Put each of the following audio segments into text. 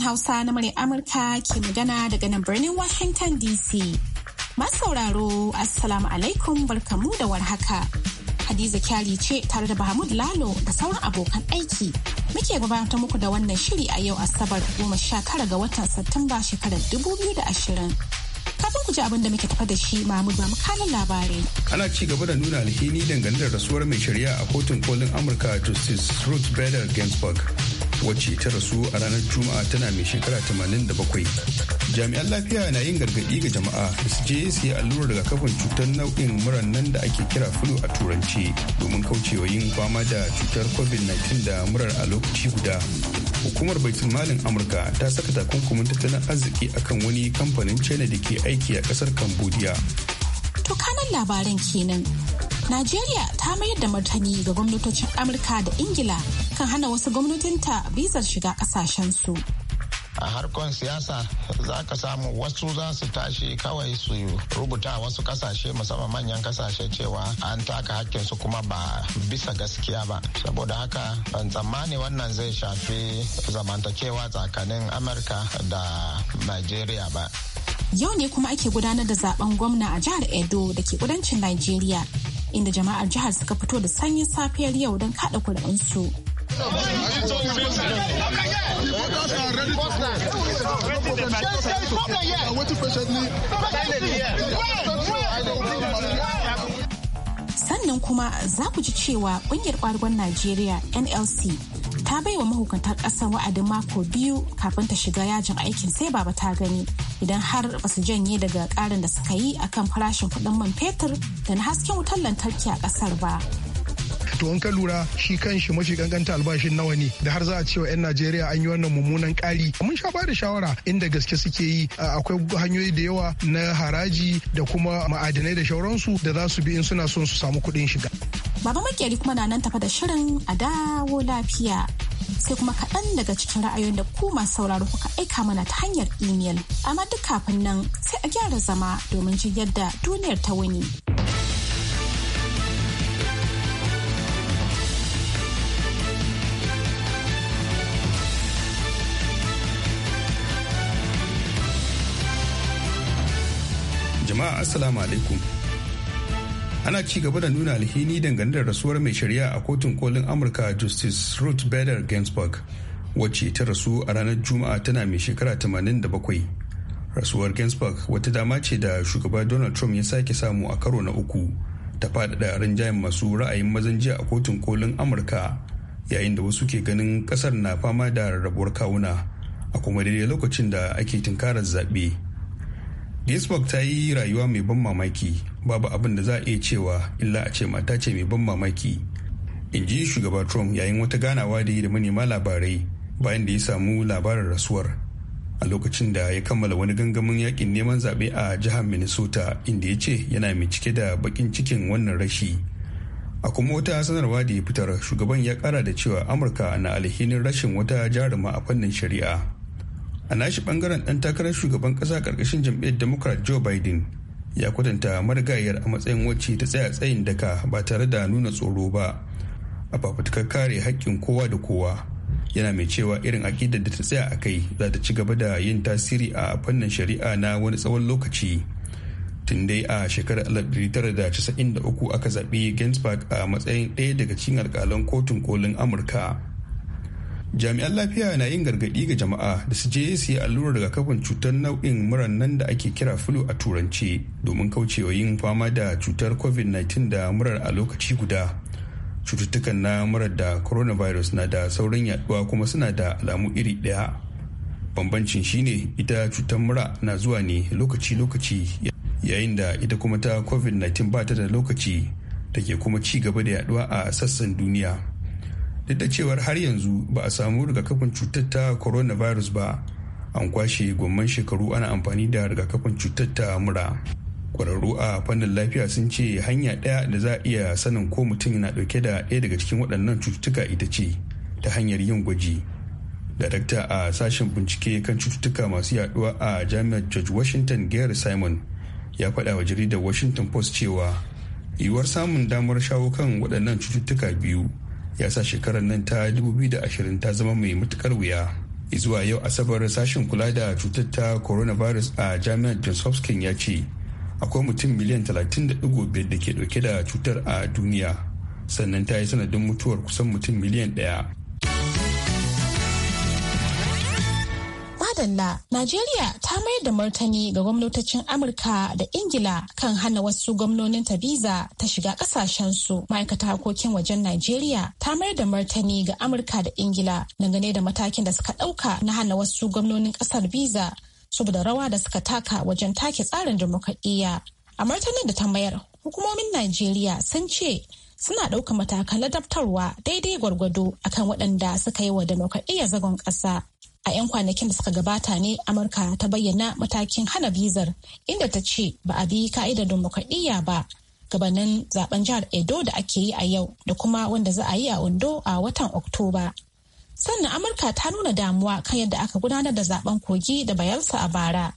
sashen Hausa na murya Amurka ke magana daga nan birnin Washington DC. Masu sauraro, Assalamu alaikum barkamu da warhaka. Hadiza Kyari ce tare da Bahamud Lalo da sauran abokan aiki. Muke gabatar muku da wannan shiri a yau Asabar goma sha tara ga watan Satumba shekarar dubu biyu da ashirin. Kafin ku ji abin da muke tafa da shi Mahmud ba mukanin labarai. Ana ci gaba da nuna alhini dangane da rasuwar mai shari'a a kotun kolin Amurka Justice Ruth Bader Ginsburg. wacce ta rasu a ranar juma'a tana mai shekara 87 jami'an lafiya na yin gargaɗi ga jama'a su je su yi allurar rigakafin cutar nau'in muran nan da ake kira flu a turanci domin kaucewa yin fama da cutar covid-19 da murar a lokaci guda hukumar baitin malin amurka ta saka takunkumin tattalin arziki akan wani kamfanin china da ke aiki a kasar cambodia to kanan labaran kenan Najeriya ta mayar da martani ga gwamnatocin Amurka da Ingila kan hana wasu gwamnatinta bizar shiga kasashensu. a harkon siyasa za ka samu wasu za su tashi kawai su rubuta wasu kasashe musamman manyan kasashe cewa an taka hakkin su kuma ba bisa gaskiya ba saboda haka ban tsammani wannan zai shafi zamantakewa tsakanin amurka da nigeria ba yau ne kuma ake gudanar da zaben gwamna a jihar edo da ke kudancin nigeria inda jama'ar jihar suka fito da sanyin safiyar yau don kada kuri'unsu. Sannan kuma za ku ji cewa ƙungiyar ƙwargon Najeriya NLC ta baiwa mahukuntar ƙasar wa'adin mako biyu kafin ta shiga yajin aikin sai baba ta gani idan har ba su janye daga ƙarin da suka yi akan farashin kuɗin man fetur da na hasken wutar lantarki a ƙasar ba. to in ka lura shi kan shi mafi kankanta albashin nawa ne da har za a cewa 'yan najeriya an yi wannan mummunan kari mun sha ba da shawara inda gaske suke yi akwai hanyoyi da yawa na haraji da kuma ma'adinai da shauransu da za su bi in suna son su samu kuɗin shiga Baba makeri kuma na nan tafa da shirin a dawo lafiya. Sai kuma kaɗan daga cikin ra'ayoyin da ku masu sauraro kuka aika mana ta hanyar imel. Amma duk kafin nan sai a gyara zama domin jin yadda duniyar ta wuni. jama'a assalamu alaikum ana ci gaba da nuna alhini dangane da rasuwar mai shari'a a kotun kolin amurka justice ruth bader ginsburg wacce ta rasu a ranar juma'a tana mai shekara 87 rasuwar ginsburg wata dama ce da shugaba donald trump ya sake samu a karo na uku ta faɗaɗa rinjayen masu ra'ayin mazan jiya a kotun kolin amurka yayin da wasu ke ganin ƙasar na fama da rabuwar kawuna a kuma daidai lokacin da ake tunkarar zaɓe. Facebook ta yi rayuwa mai ban mamaki babu abin da za a iya cewa illa a ce mata ce mai ban mamaki. In ji shugaba Trump yayin wata ganawa da yi da manema labarai bayan da ya samu labarin rasuwar. A lokacin da ya kammala wani gangamin yakin neman zaɓe a jihar Minnesota inda ya ce yana mai cike da bakin cikin wannan rashi. A kuma wata sanarwa da ya fitar shugaban ya kara da cewa Amurka na alhinin rashin wata jaruma a fannin shari'a. a nashi bangaren dan takarar shugaban kasa karkashin jam'iyyar democrat joe biden ya kwatanta marigayar a matsayin wacce ta tsaya tsayin daka ba tare da nuna tsoro ba a fafutukar kare haƙƙin kowa da kowa yana mai cewa irin aƙidar da ta tsaya a kai za ta ci gaba da yin tasiri a fannin shari'a na wani tsawon lokaci tun dai a shekarar 1993 aka zaɓi ginsburg a matsayin ɗaya daga cikin alƙalan kotun kolin amurka jami'an lafiya na yin gargaɗi ga jama'a da su je su yi allurar rigakafin cutar nau'in muran nan da ake kira flu a turanci domin kaucewa yin fama da cutar covid-19 da murar a lokaci guda cututtukan na murar da coronavirus na da saurin yaduwa kuma suna da alamu iri ɗaya bambancin shine ita cutar mura na zuwa ne lokaci-lokaci yayin da ita kuma ta covid-19 ba ta da lokaci da ke kuma ci gaba da yaduwa a sassan duniya duk da cewar har yanzu ba a samu rigakafin cutar ta coronavirus ba an kwashe gomman shekaru ana amfani da rigakafin cutar ta mura kwararru a fannin lafiya sun ce hanya ɗaya da za a iya sanin ko mutum na ɗauke da ɗaya daga cikin waɗannan cututtuka ita ce ta hanyar yin gwaji darakta a sashen bincike kan cututtuka masu yaduwa a jami'ar george washington gary simon ya faɗa wa jaridar washington post cewa yiwuwar samun damar shawo kan waɗannan cututtuka biyu ya sa shekarar nan ta 2020 ta zama mai matukar wuya zuwa yau asabar sashen kula da cutar ta coronavirus a jami'ar johns hopkins ya ce akwai mutum miliyan 30.5 da ke dauke da cutar a duniya sannan ta yi sanadin mutuwar kusan mutum miliyan daya waɗanda Najeriya ta mayar da martani ga gwamnatocin Amurka da Ingila kan hana wasu gwamnonin ta biza ta shiga su Ma'aikata harkokin wajen Najeriya ta mayar da martani ga Amurka da Ingila dangane da matakin da suka ɗauka na hana wasu gwamnonin ƙasar biza saboda rawa da suka taka wajen take tsarin dimokuraɗiyya. A martanin da ta mayar, hukumomin Najeriya sun ce suna ɗauka matakan ladabtarwa daidai gwargwado akan waɗanda suka yi wa dimokuraɗiyya zagon ƙasa a 'yan kwanakin da suka gabata ne amurka ta bayyana matakin hana bizar inda ta ce ba a bi ka'idar dimokuraɗiyya ba gabanin zaben jihar edo da ake yi a yau da kuma wanda za a yi a ondo a watan oktoba sannan amurka ta nuna damuwa kan yadda aka gudanar da zaben kogi da bayelsa a bara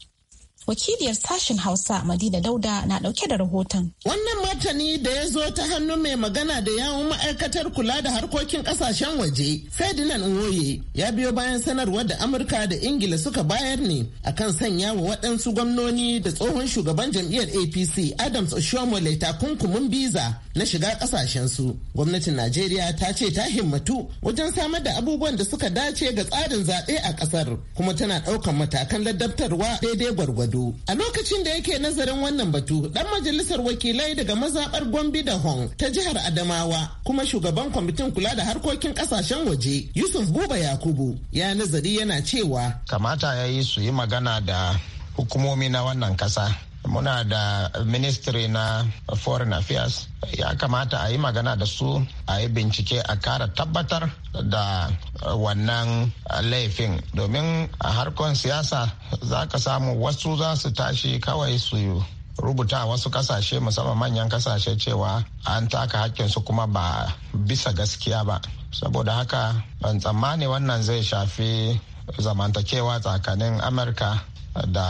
wakiliyar sashen hausa madina dauda na dauke da rahoton wannan martani da ya zo ta hannu mai magana da yawun ma'aikatar kula da harkokin kasashen waje ferdinand nwoye ya biyo bayan sanarwar da amurka da ingila suka bayar ne akan sanya wa waɗansu gwamnoni da tsohon shugaban jam'iyyar apc adams oshomole takunkumin biza na shiga kasashen su gwamnatin najeriya ta ce ta himmatu wajen samar da abubuwan da suka dace ga tsarin zaɓe a ƙasar kuma tana ɗaukar matakan ladabtarwa daidai gwargwado Ado. A lokacin da yake nazarin wannan batu, ɗan majalisar wakilai daga mazaɓar Gombe da Hong ta jihar Adamawa kuma shugaban kwamitin kula da harkokin ƙasashen waje Yusuf Buba Yakubu ya nazari yana cewa kamata ya yi su yi magana da hukumomi na wannan ƙasa muna da ministry na foreign affairs ya kamata a yi magana da su a yi bincike a kara tabbatar da wannan laifin domin a harkon siyasa za ka samu wasu za su tashi kawai su rubuta wasu kasashe musamman manyan kasashe cewa an taka hakkin su kuma ba bisa gaskiya ba saboda haka ban tsammani wannan zai shafi zamantakewa tsakanin amurka da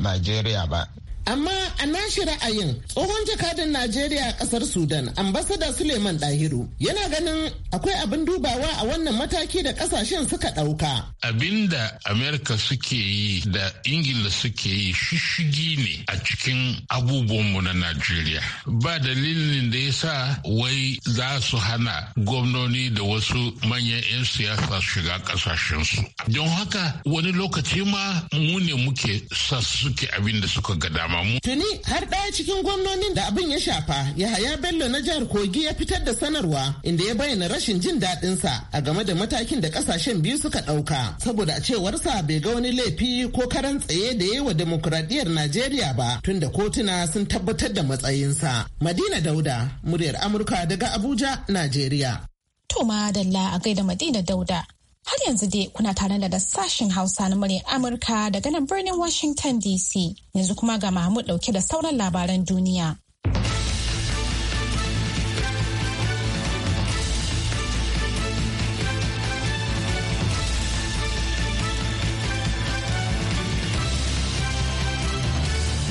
nigeria ba Amma a nashi ra'ayin tsohon jakadan Najeriya a kasar Sudan, ambasada Suleiman Dahiru, yana ganin akwai abin dubawa a wannan mataki da kasashen suka dauka. Abin da Amerika suke yi da Ingila suke yi shishigi ne a cikin abubuwanmu na Najeriya. Ba dalilin da ya sa wai za su hana gwamnoni da wasu manyan 'yan siyasa shiga kasashensu. Don haka wani lokaci ma mu ne muke sa suke abin da suka ga dama. Tuni har ɗaya cikin gwamnonin da abin ya shafa Yahaya Bello na jihar Kogi ya fitar da sanarwa inda ya bayyana rashin jin daɗinsa a game da matakin da ƙasashen biyu suka ɗauka. Saboda a sa bai ga wani laifi ko karan tsaye da yi wa Najeriya ba tunda kotuna sun tabbatar da matsayinsa. Madina Dauda, muryar Amurka daga Abuja, Najeriya. To dalla a gaida Madina Dauda. Har yanzu dai kuna tare da sashen Hausa na muryar Amurka daga nan birnin Washington DC. Yanzu kuma ga Mahmud dauke da sauran labaran duniya.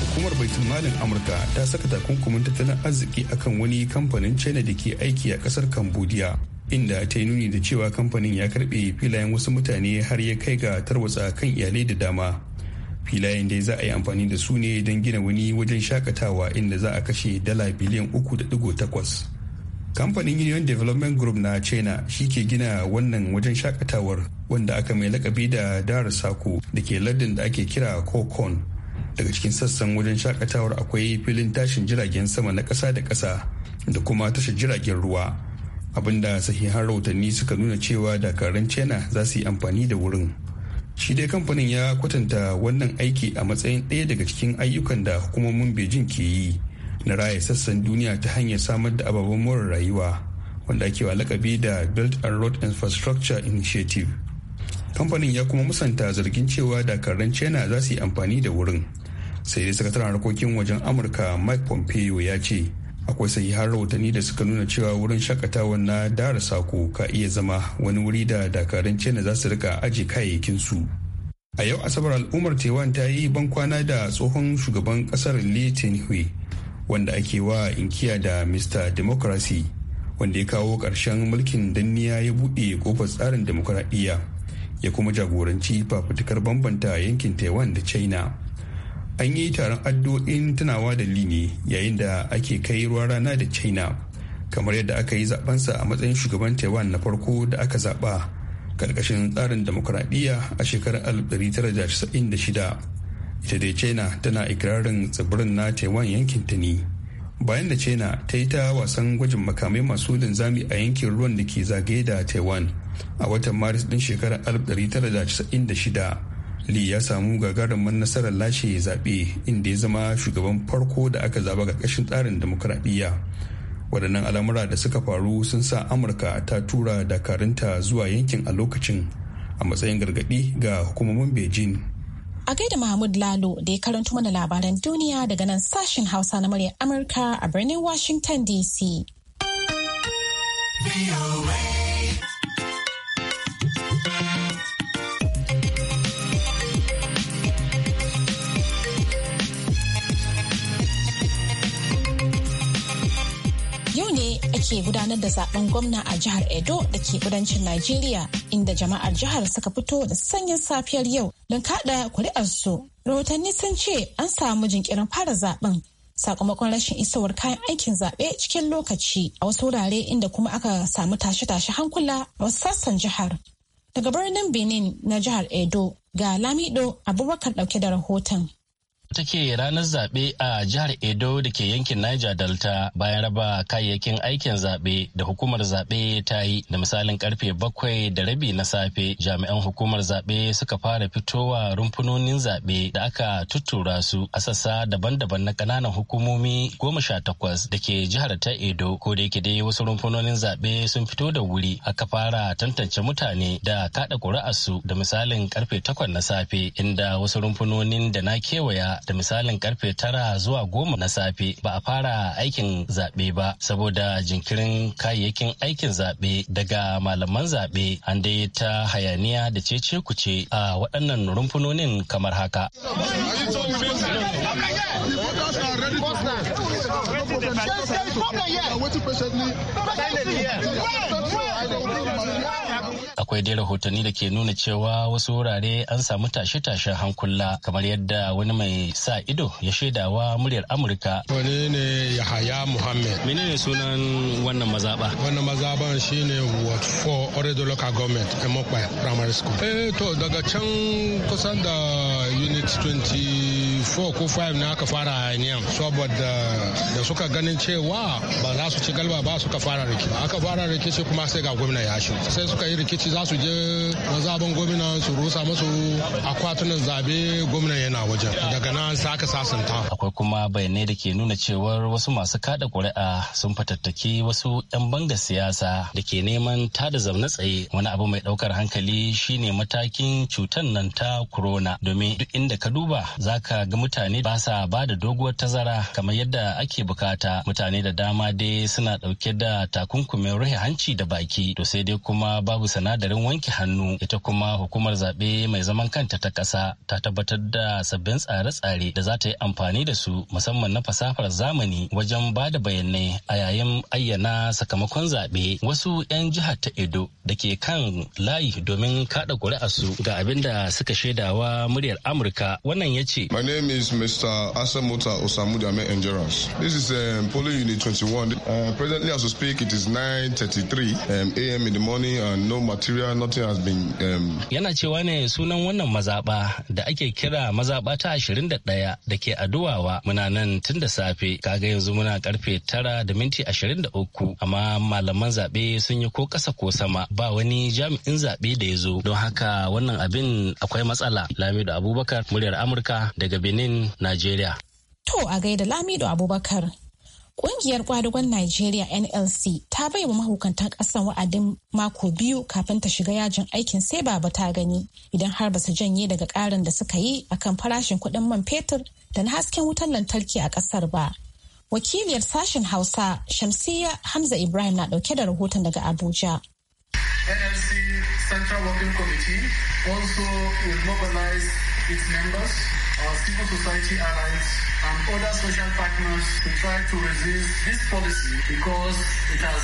Hukumar baitin Malin Amurka ta saka takunkumin tattalin arziki akan wani kamfanin China da ke aiki a kasar Cambodia. inda ta yi nuni da cewa kamfanin ya karbe filayen wasu mutane har ya kai ga tarwatsa kan iyalai da dama filayen dai za a yi amfani da su ne don gina wani wajen shakatawa inda za a kashe dala biliyan uku da digo takwas kamfanin union development group na china shi ke gina wannan wajen shakatawar wanda aka mai lakabi da dar sako da ke lardin da ake kira kokon daga cikin sassan wajen shakatawar akwai filin tashin jiragen sama na kasa da kasa da kuma tashar jiragen ruwa abinda sahihan rahotanni suka nuna cewa dakaran china za su yi amfani da wurin shi dai kamfanin ya kwatanta wannan aiki a matsayin ɗaya daga cikin ayyukan da hukumomin beijing ke yi na raya sassan duniya ta hanyar samar da ababen more rayuwa wanda ake wa lakabi da belt and road infrastructure initiative kamfanin ya kuma musanta zargin cewa dakarun china za su yi amfani da wurin sai dai sakataren harkokin wajen amurka mike pompeo ya ce akwai har rahotanni da suka nuna cewa wurin shakatawa na dara sako ka iya zama wani wuri da dakarun china za su rika aje su. a yau asabar al'ummar taiwan ta yi bankwana da tsohon shugaban kasar litin wanda ake wa inkiya da mr democracy wanda ya kawo ƙarshen mulkin danniya ya buɗe kofar tsarin demokuraɗiyya ya kuma jagoranci fafutukar bambanta yankin taiwan da china an yi taron addu'o'in tunawa da lini yayin da ake kai ruwa rana da china kamar yadda aka yi zabensa a matsayin shugaban taiwan na farko da aka zaba karkashin tsarin demokuraɗiyya a shekarar 1996 ita dai china tana ikirarin tsibirin na taiwan yankin ta ne bayan da china ta yi ta wasan gwajin makamai masu linzami a yankin ruwan da ke zagaye da taiwan a watan maris din shekarar shida. li ya samu gagarumin nasarar lashe zaɓe inda ya zama shugaban farko da aka zaba ga ƙashin tsarin demokuraɗiyya. Waɗannan al'amura da suka faru sun sa Amurka ta tura dakarunta zuwa yankin a lokacin a matsayin gargaɗi ga hukumomin Beijing. A gaida Mahmud Lalo da ya karanto mana labaran duniya daga nan sashen Hausa na muryar Amurka a birnin Washington DC. ke gudanar da zaben gwamna a jihar Edo da ke kudancin Najeriya inda jama'ar jihar suka fito da sanyin safiyar yau don kada kuri'arsu. Rahotanni sun ce an samu jinkirin fara zaben sakamakon rashin isowar kayan aikin zaɓe cikin lokaci a wasu wurare inda kuma aka samu tashe-tashe hankula a wasu sassan jihar. Daga birnin Benin na jihar Edo ga Lamido Abubakar ɗauke da rahoton. take ranar zaɓe a jihar Edo da ke yankin Niger Delta bayan raba kayayyakin aikin zaɓe da hukumar zaɓe ta yi da misalin karfe bakwai da rabi na safe jami'an hukumar zaɓe suka fara fitowa rumfunonin zaɓe da aka tuttura su a sassa daban-daban na ƙananan hukumomi goma sha takwas da ke jihar ta Edo ko da yake dai wasu rumfunonin zaɓe sun fito da wuri aka fara tantance mutane da kaɗa ƙuri'arsu da misalin karfe takwas na safe inda wasu rumfunonin da na kewaya da misalin karfe tara zuwa goma na safe ba a fara aikin zaɓe ba saboda jinkirin kayayyakin aikin zaɓe daga malaman zaɓe an dai ta hayaniya da cece kuce a waɗannan rumfunonin kamar haka. Akwai dai rahotanni da ke nuna cewa wasu wurare an samu tashe-tashen hankula kamar yadda wani mai sa ido ya shaidawa muryar Amurka. Wani ne Yahaya Muhammad. Menene sunan wannan mazaba? Wannan mazaban shine Ward 4 Oredo Local Government Emokpa Primary School. Eh to daga can kusan da Unit 20 4 ko 5 na aka fara hanyar saboda da suka ganin cewa ba za su ci galba ba suka fara rikici aka fara rikici kuma sai ga gwamna ya shi sai suka yi rikici za su je zaben gwamna su rusa musu akwatunan zabe gwamna yana wajen daga nan sai aka sasanta akwai kuma bayanai da ke nuna cewar wasu masu kada ƙuri'a sun fatattaki wasu 'yan bangar siyasa da ke neman tada zaune tsaye wani abu mai ɗaukar hankali shine matakin cutar nan ta corona domin duk inda ka duba zaka ga ga mutane ba sa ba da doguwar tazara kamar yadda ake bukata mutane da dama dai suna ɗauke da takunkumin rufe hanci da baki to sai dai kuma babu sinadarin wanke hannu ita kuma hukumar zaɓe mai zaman kanta ta ƙasa ta tabbatar da sabbin tsare-tsare da za ta yi amfani da su musamman na fasahar zamani wajen ba da bayanai a yayin ayyana sakamakon zaɓe wasu 'yan jihar ta edo da ke kan layi domin kaɗa ƙuri'arsu ga abin da suka shaidawa muryar amurka wannan ya ce name is Mr. Asamota Osamudame Endurance. This is um, Polo Unit 21. Uh, presently, as we speak, it is 9.33 um, a.m. in the morning and no material, nothing has been... Um... Yana cewa ne sunan wannan mazaɓa da ake kira mazaɓa ta 21 da ke aduwawa muna nan tun da safe kaga yanzu muna karfe 9 da minti 23 amma malaman zaɓe sun yi ko ƙasa ko sama ba wani jami'in zaɓe da ya zo don haka wannan abin akwai matsala Lamido Abubakar muryar Amurka daga Benin Benin, Najeriya. To a gaida Lamido Abubakar. Ƙungiyar ƙwadagon Najeriya NLC ta baiwa mahukantan ƙasan wa'adin mako biyu kafin ta shiga yajin aikin sai ba ta gani idan har ba su janye daga ƙarin da suka yi akan farashin kuɗin man fetur da na hasken wutar lantarki a ƙasar ba. Wakiliyar sashen Hausa Shamsiya Hamza Ibrahim na ɗauke da rahoton daga Abuja. NLC Central Working Committee also will mobilize its members our civil society allies, and other social partners to try to resist this policy because it has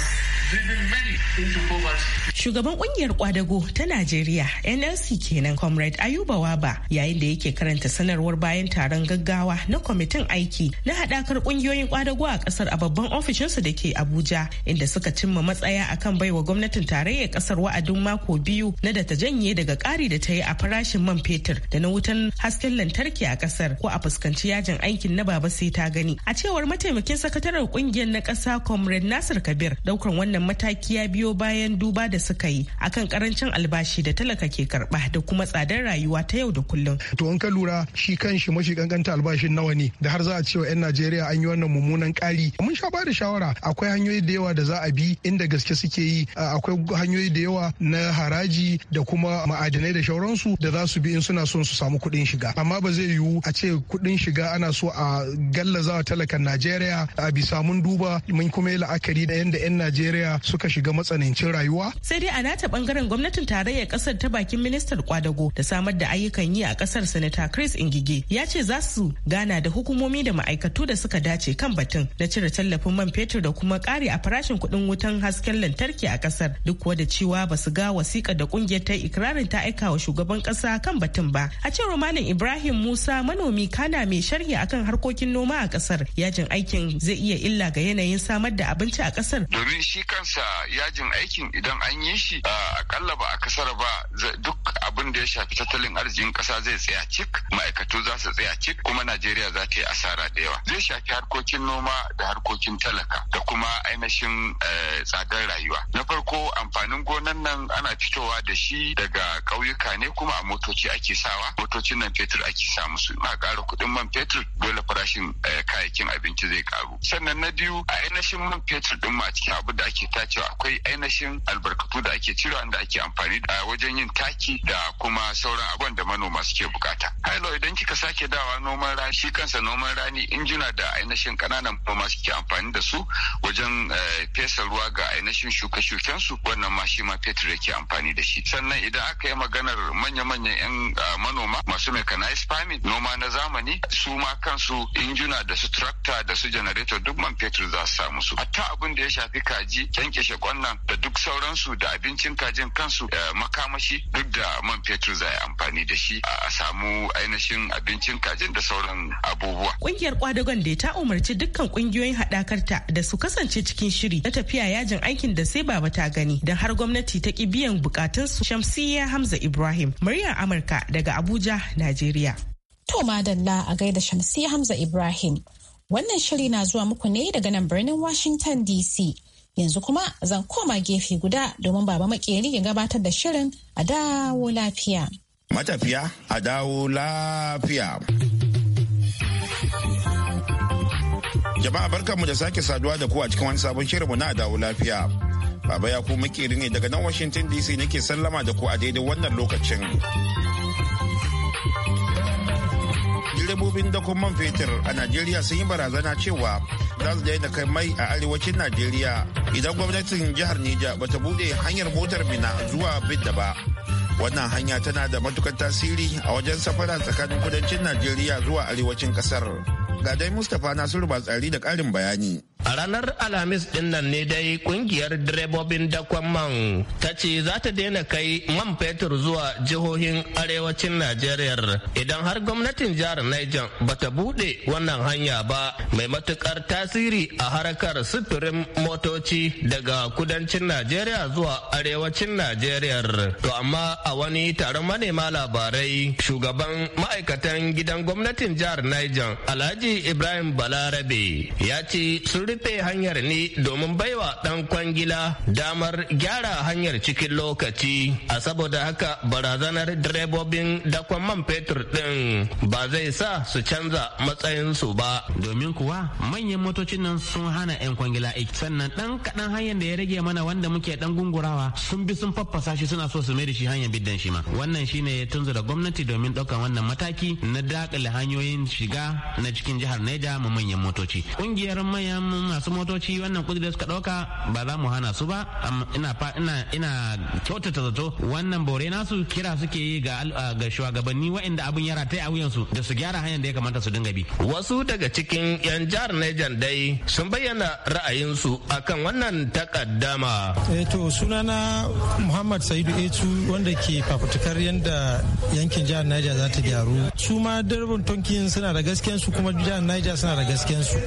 Shugaban kungiyar kwadago ta Najeriya NLC kenan Comrade Ayuba Waba yayin da yake karanta sanarwar bayan taron gaggawa na kwamitin aiki na hadakar kungiyoyin kwadago a ƙasar a babban ofishinsu da ke Abuja inda suka cimma matsaya a kan baiwa gwamnatin tarayyar ƙasar wa'adin mako biyu na da ta janye daga ƙari da ta yi a farashin man fetur da na wutan hasken lantarki a ƙasar ko a fuskanci yajin aikin na baba sai ta gani. A cewar mataimakin sakataren kungiyar na ƙasa Comrade Nasir Kabir ɗaukar wannan wannan mataki ya biyo bayan duba da suka yi akan karancin albashi da talaka ke karba da kuma tsadar rayuwa ta yau da kullum. To an ka lura shi kan shi mashi kankanta albashin nawa ne da har za a cewa 'yan Najeriya an yi wannan mummunan kari. Mun sha bada shawara akwai hanyoyi da yawa da za a bi inda gaske suke yi akwai hanyoyi da yawa na haraji da kuma ma'adinai da shauransu da za su bi in suna son su samu kuɗin shiga. Amma ba zai yiwu a ce kuɗin shiga ana so a gallaza talakan Najeriya a bisa mun duba mun kuma yi la'akari da yadda 'yan Najeriya baya suka shiga matsanancin rayuwa sai dai a nata bangaren gwamnatin tarayyar kasar ta bakin ministar kwadago da samar da ayyukan yi a kasar sanata chris ingige ya ce za su gana da hukumomi da ma'aikatu da suka dace kan batun na cire tallafin man fetur da kuma kare a farashin kuɗin wutan hasken lantarki a kasar duk kuwa da cewa ba su ga wasiƙa da ƙungiyar ta ikirarin ta aika wa shugaban ƙasa kan batun ba a ce malam ibrahim musa manomi kana mai sharhi akan harkokin noma a kasar yajin aikin zai iya illa ga yanayin samar da abinci a kasar domin shi kan kansa yajin aikin idan an yi shi akalla ba a kasar ba duk abin da ya shafi tattalin arzikin kasa zai tsaya cik ma'aikatu za su tsaya cik kuma najeriya za ta yi asara da yawa zai shafi harkokin noma da harkokin talaka da kuma ainihin e, tsadar rayuwa na farko amfanin gonan nan ana fitowa da shi daga ƙauyuka ne kuma a motoci ake sawa motocin nan fetur ake sa musu na ƙara kuɗin man fetur dole farashin e, kayayyakin abinci zai ƙaru sannan na biyu a ainihin man fetur ɗin ma cikin abin da ake ke tacewa akwai ainihin albarkatu da ake cire da ake amfani da wajen yin taki da kuma sauran abin da manoma suke bukata. Hailo idan kika sake dawa noman rani shi kansa noman rani injina da ainihin kananan manoma suke amfani da su wajen eh, fesa ruwa ga ainihin shuke-shuken su wannan ma shi ma fetur yake amfani da shi. Sannan idan aka yi maganar manya-manyan 'yan eh, manoma masu mechanized farming noma na zamani su ma kansu injuna da su tractor da su generator duk man fetur za su samu su. Hatta abin da ya shafi kaji kyankyashe kwannan da duk sauransu da abincin kajin kansu eh, makamashi duk da man fetur za amfani da shi a samu ainihin abincin kajin da sauran abubuwa. Kungiyar kwadagon da ta umarci dukkan kungiyoyin haɗakarta da su kasance cikin shiri na tafiya yajin aikin da sai baba ta gani don har gwamnati ta ki biyan bukatunsu Shamsiyya Hamza Ibrahim muryar Amurka daga Abuja, Najeriya. To madalla a gaida Shamsiyya Hamza Ibrahim. Wannan shiri na zuwa muku ne daga nan birnin Washington DC. Yanzu kuma zan koma gefe guda domin baba makeri ya gabatar da shirin a dawo lafiya. Matafiya a dawo lafiya. Jama'a barkanmu da sake saduwa da ku cikin wani sabon shirinmu na dawo lafiya. Baba ya ku makeri ne daga nan Washington DC nake sallama da ku a daidai wannan lokacin. direbobin dakon man fetur a najeriya sun yi barazana cewa za su daina kai mai a arewacin najeriya idan gwamnatin jihar nija ta bude hanyar motar mina zuwa bidda ba wannan hanya tana da matukar tasiri a wajen safara tsakanin kudancin najeriya zuwa arewacin kasar Ga dai Mustapha Nasiru Batsari da karin bayani. A ranar Alhamis ɗin nan ne dai kungiyar direbobin dakon man ta ce za ta daina kai man fetur zuwa jihohin arewacin Najeriya idan har gwamnatin jihar Niger ba ta buɗe wannan hanya ba mai matukar tasiri a harkar sufurin motoci daga kudancin Najeriya zuwa arewacin Najeriya. To amma a wani taron manema labarai shugaban ma'aikatan gidan gwamnatin jihar Niger Alhaji Alhaji Ibrahim Balarabe ya ce sun rufe hanyar ne domin baiwa ɗan kwangila damar gyara hanyar cikin lokaci a saboda haka barazanar direbobin dakon man fetur ɗin ba zai sa su canza matsayinsu ba. Domin kuwa manyan motocin nan sun hana 'yan kwangila aiki sannan ɗan kaɗan hanyar da ya rage mana wanda muke ɗan gungurawa sun bi sun faffasa shi suna so su mai da shi hanyar bidan shi ma. Wannan shine ya tunzura gwamnati domin ɗaukan wannan mataki na daƙile hanyoyin shiga na cikin cikin jihar Neja mu manyan motoci. Kungiyar manyan masu motoci wannan kudi da suka dauka ba za mu hana su ba ina ina ina kyautata zato wannan bore nasu kira suke yi ga ga shugabanni waɗanda abin yara tai a wuyansu da su gyara hanyar da ya kamata su dinga bi. Wasu daga cikin 'yan jihar Neja dai sun bayyana ra'ayinsu akan wannan takaddama. Eh to sunana Muhammad Sa'idu Etu wanda ke fafutukar yanda yankin jihar Neja za ta gyaru. Su ma direbin tonkin suna da gaskiyan su kuma jihar niger suna da gasken su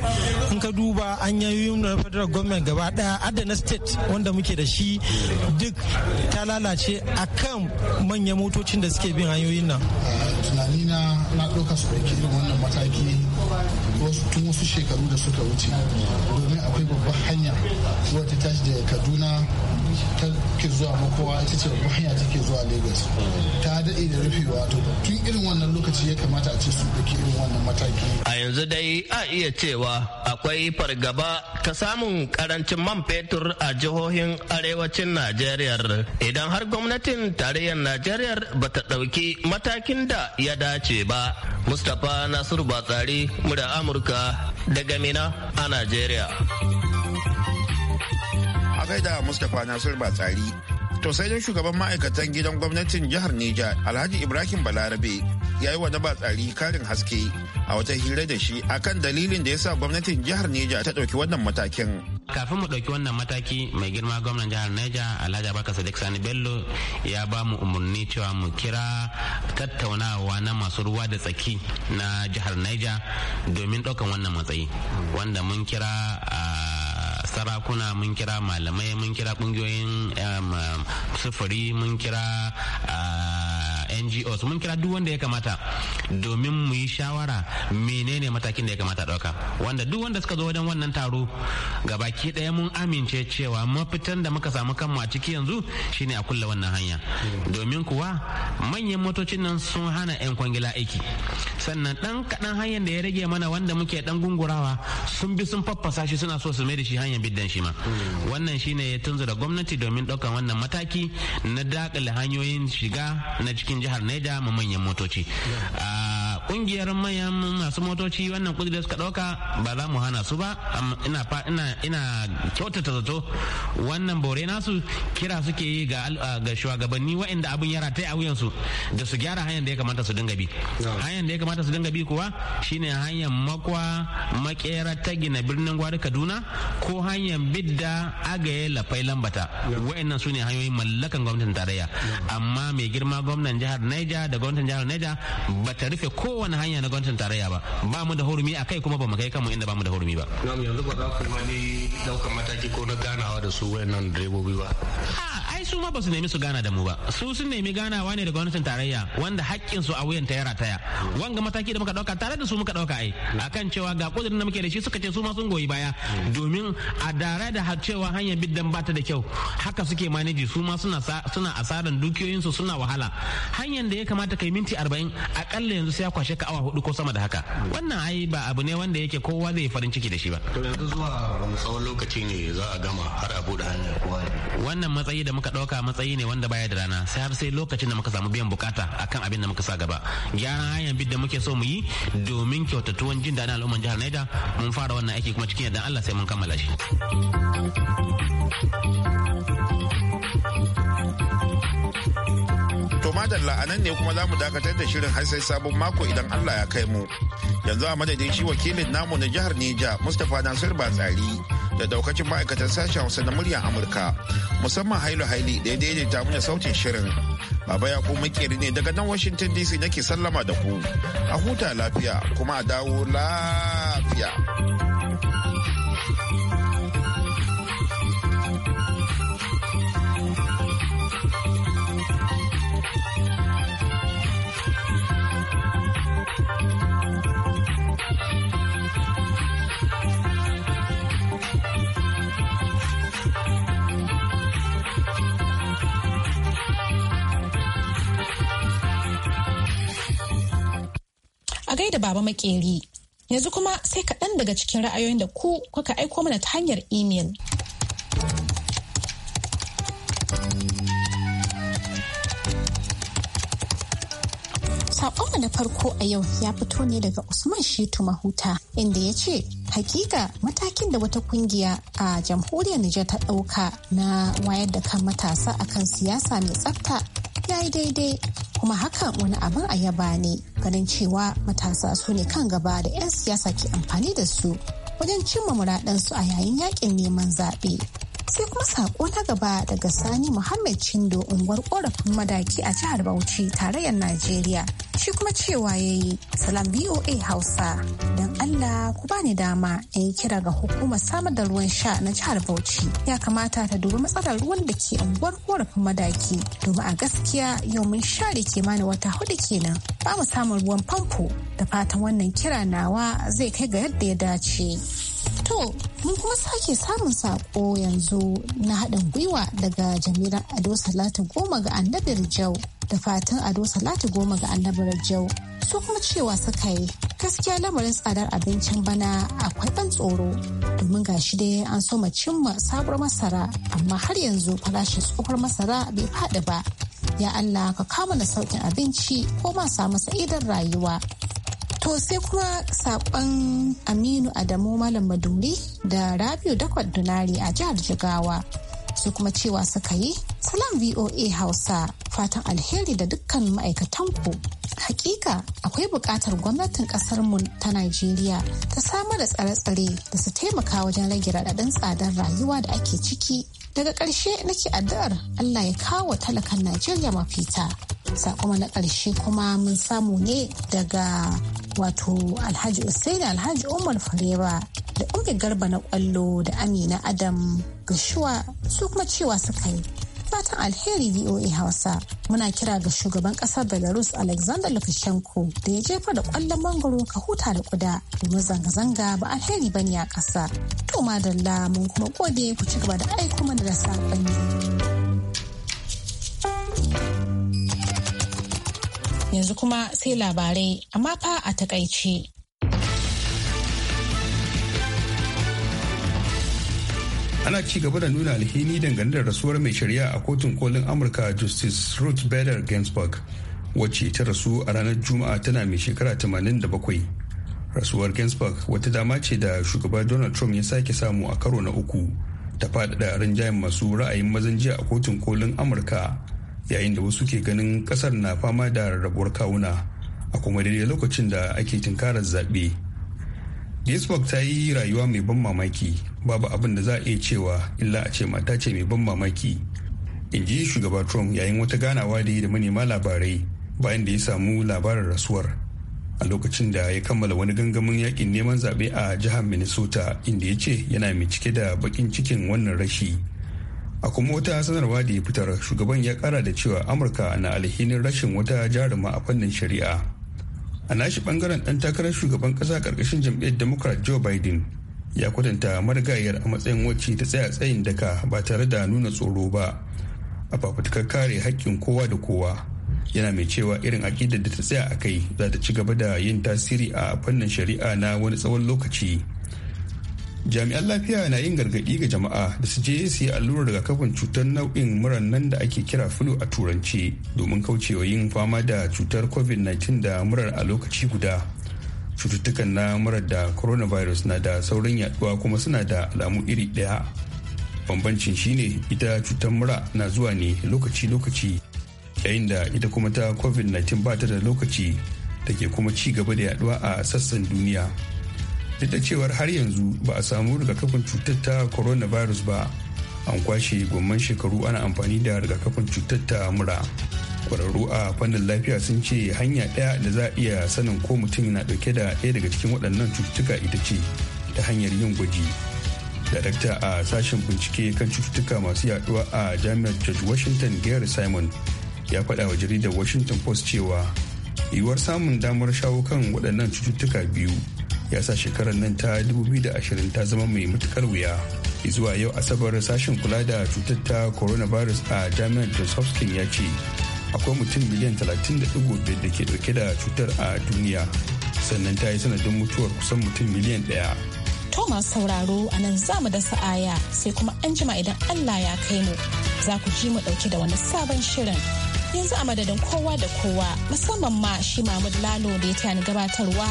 in ka duba an yayin na federal government gaba daya adda na state wanda muke da shi duk ta lalace akan manyan motocin da suke bin hanyoyin nan tunani na na ɗauka su ɗauki irin wannan mataki tun wasu shekaru da suka wuce domin akwai babbar hanya wata tashi da kaduna ta ke zuwa makowa ita ce babbar hanya take zuwa lagos ta daɗe da rufewa to tun irin wannan lokaci ya kamata a ce su ɗauki irin wannan mataki yanzu dai a iya cewa akwai fargaba ta samun karancin man fetur a jihohin arewacin Najeriya idan har gwamnatin tarayyar Najeriya ba ta ɗauki matakin da ya dace ba. Mustapha Nasiru Batsari, da Amurka daga Mina a Najeriya. A gaida Mustapha Nasiru Batsari, to sai shugaban ma'aikatan gidan gwamnatin jihar Neja Alhaji Ibrahim Balarabe ya yi wani tsari karin haske a wata hira da shi akan dalilin da ya sa gwamnatin jihar Neja ta ɗauki wannan matakin. Kafin mu ɗauki wannan mataki mai girma gwamnan jihar Neja Alhaji Abubakar Sadiq Sani Bello ya ba mu umarni cewa mu kira tattaunawa na masu ruwa da tsaki na jihar Neja domin ɗaukan wannan matsayi wanda mun kira a sarakuna mun kira malamai mun kira kungiyoyin sufuri mun kira ngos mun kira duk wanda ya kamata domin mu yi shawara menene matakin da ya kamata ɗauka wanda duk wanda suka zo wajen wannan taro ga baki ɗaya mun amince cewa mafitan da muka samu kanmu a ciki yanzu shine a kulle wannan hanya domin kuwa manyan motocin nan sun hana 'yan kwangila aiki sannan ɗan kaɗan hanyar da ya rage mana wanda muke ɗan gungurawa sun bi sun faffasa shi suna so su mai da shi hanyar biddan shi ma wannan shine ya tunzura gwamnati domin ɗaukan wannan mataki na daƙile hanyoyin shiga na cikin cikin jihar Neja ma manyan motoci. Ah, kungiyar manyan masu motoci wannan kudi da suka ɗauka ba za mu hana su ba ina kyautata zato wannan bore nasu kira suke yi ga ga shugabanni waɗanda abin yara ta a wuyansu da su gyara hanyar da ya kamata su dinga bi hanyar da ya kamata su dinga bi kuwa shine hanyar makwa makera ta gina birnin gwari kaduna ko hanyar bidda agaye lafai lambata waɗannan su ne hanyoyin mallakan gwamnatin tarayya amma mai girma gwamnan jihar Niger da gwamnatin jihar Niger ba ta rufe ko kowane hanya na gwamnatin tarayya ba ba mu da hurumi a kai kuma ba mu kai kanmu inda ba mu da hurumi ba. yanzu ba za ku wani ɗaukar mataki ko na ganawa da su wayannan direbobi ba. ai su ma ba su nemi su gana da mu ba su sun nemi ganawa ne da gwamnatin tarayya wanda hakkin su a wuyan ta ya rataya wanga mataki da muka dauka tare da su muka dauka ai akan cewa ga kudirin da muke da shi suka ce su ma sun goyi baya domin a dare da cewa hanyar biddan bata da kyau haka suke maneji su ma suna suna asaran dukiyoyin su suna wahala hanyar da ya kamata kai minti 40 akalla yanzu sai ya kwashe ka awa hudu ko sama da haka wannan ai ba abu ne wanda yake kowa zai farin ciki da shi ba to yanzu zuwa wani tsawon lokaci ne za a gama har a bude hanya kowa wannan matsayi da muka muka ɗauka matsayi ne wanda baya da rana sai har sai lokacin da muka samu biyan bukata akan abin da muka sa gaba gyaran hanyar bid da muke so mu yi domin kyautatuwan jin daɗin al'umman jihar Naija mun fara wannan aiki kuma cikin yardan Allah sai mun kammala shi. madalla a nan ne kuma za mu dakatar da shirin har sai sabon mako idan Allah ya kai mu. Yanzu a madadin shi wakilin namu na jihar Neja Mustapha Nasir Batsari da daukacin ma'aikatan sashen hausa na muryar amurka musamman hailu haili da daidaita mana sautin shirin baba ya kuma makeri ne daga nan washington dc nake sallama da ku a huta lafiya kuma a dawo lafiya da baba makeri. Yanzu kuma sai kaɗan daga cikin ra'ayoyin da ku kuka aiko mana ta hanyar imel. Saƙonmu na farko a yau ya fito ne daga Usman Shitu Mahuta inda ya ce, hakika matakin da wata kungiya a jamhuriyar Nijar ta ɗauka na wayar da kan matasa akan siyasa mai tsafta ya yi daidai kuma hakan wani abin a yaba ne ganin cewa matasa su ne kan gaba da 'yan siyasa ke amfani da su wajen cimma muradansu a yayin yakin neman zaɓe sai kuma sako na gaba daga sani muhammad chindo unguwar korafin madaki a jihar bauchi tarayyar najeriya shi kuma cewa ya yi salam voa hausa don allah ku bani dama in yi kira ga hukumar samar da ruwan sha na jihar bauchi ya kamata ta dubi matsalar ruwan da ke unguwar korafin madaki domin a gaskiya yau mun share kimanin wata hudu kenan ba mu samun ruwan famfo da fatan wannan kira nawa zai kai ga yadda ya dace. To, mun kuma sake samun sako yanzu na haɗin gwiwa daga Jamila Ado Salatu goma ga annabar Jau da fatan Ado Salatu goma ga annabar Jau. Su kuma cewa suka yi gaskiya lamarin tsadar abincin bana akwai ban tsoro domin ga shi dai an so ma cimma sabuwar masara amma har yanzu farashin tsohuwar masara bai faɗi ba. Ya Allah ka kama da sauƙin abinci ko ma samu sa'idar rayuwa. To sai kuma saƙon Aminu Adamu Malam Maduri da Rabiu Dakwad Dunari a jihar Jigawa. Su kuma cewa suka yi Salam VOA Hausa fatan alheri da dukkan ma'aikatanku. Hakika akwai buƙatar gwamnatin mu ta Najeriya ta samar da tsare-tsare da su taimaka wajen rage raɗaɗin tsadar rayuwa da ake ciki. Daga ƙarshe nake addu'ar Allah ya kawo talakan Najeriya mafita. sakoma na ƙarshe kuma mun samu ne daga wato alhaji usain alhaji umar fareba da umar garba na kwallo da amina adam gashuwa su kuma cewa suka yi fatan alheri voa hausa muna kira ga shugaban ƙasar belarus alexander lukashenko da ya jefa da kwallon mangoro ka huta da kuda domin zanga-zanga ba alheri bane a kasa to madalla mun kuma gode ku ci gaba da aiko mana da saƙonni. Yanzu kuma sai labarai amma fa a takaice. ana ci gaba da nuna alhini dangane da rasuwar mai shari'a a kotun kolin amurka justice ruth bader ginsburg wacce ta rasu a ranar juma'a tana mai shekara 87 rasuwar ginsburg wata dama ce da shugaba donald trump ya sake samu a karo na uku ta faɗaɗa rinjayen masu ra'ayin mazan jiya a kotun kolin amurka yayin da wasu ke ganin kasar na fama da rabuwar kawuna a kuma daidai lokacin da ake tunkarar zaɓe. Ginsburg ta yi rayuwa mai ban mamaki babu abin da za a iya cewa illa a ce mata ce mai ban mamaki. In ji shugaba Trump yayin wata ganawa da yi da manema labarai bayan da ya samu labarin rasuwar a lokacin da ya kammala wani gangamin yakin neman zaɓe a jihar Minnesota inda ya ce yana mai cike da bakin cikin wannan rashi. a kuma wata sanarwa da ya fitar shugaban ya kara da cewa amurka na alhinin rashin wata jaruma a fannin shari'a a nashi bangaren dan takarar shugaban kasa karkashin jam'iyyar democrat joe biden ya kwatanta marigayar a matsayin wacce ta tsaya tsayin daka ba tare da nuna tsoro ba a fafutukar kare haƙƙin kowa da kowa yana mai cewa irin akidar da ta tsaya a kai za ta ci gaba da yin tasiri a fannin shari'a na wani tsawon lokaci jami'an lafiya na yin gargaɗi ga jama'a da su je su yi allurar rigakafin cutar nau'in muran nan da ake kira flu a turanci domin kaucewa yin fama da cutar covid-19 da murar a lokaci guda cututtukan na murar da coronavirus na da saurin yaduwa kuma suna da alamu iri ɗaya bambancin shine ita cutar mura na zuwa ne lokaci-lokaci yayin da ita kuma ta covid-19 ba ta da lokaci da ke kuma ci gaba da yaduwa a sassan duniya. duk da cewar har yanzu ba a samu rigakafin cutar ta coronavirus ba an kwashe gomman shekaru ana amfani da rigakafin cutar ta mura kwararru a fannin lafiya sun ce hanya ɗaya da za a iya sanin ko mutum yana ɗauke da ɗaya daga cikin waɗannan cututtuka ita ce ta hanyar yin gwaji darakta a sashen bincike kan cututtuka masu yaduwa a jami'ar george washington gary simon ya faɗa wa jaridar washington post cewa yiwuwar samun damar shawo kan waɗannan cututtuka biyu ya sa shekarar nan ta 2020 ta zama mai matukar wuya zuwa yau asabar sashen kula da cutar ta coronavirus a jami'ar johns ya ce akwai mutum miliyan 30.5 da ke dauke da cutar a duniya sannan ta yi sanadin mutuwar kusan mutum miliyan daya Thomas sauraro a nan za mu da sa'aya sai kuma an jima idan Allah ya kai mu za ku ji mu dauke da wani sabon shirin yanzu a madadin kowa da kowa musamman ma shi Mahmud Lalo da ya ni gabatarwa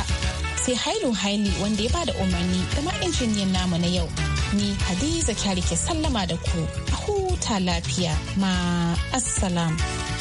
sai hailu haili wanda ya bada umarni da ma injiniyan namu na yau ni hadiza kyari ke sallama da ku a huta lafiya ma assalam.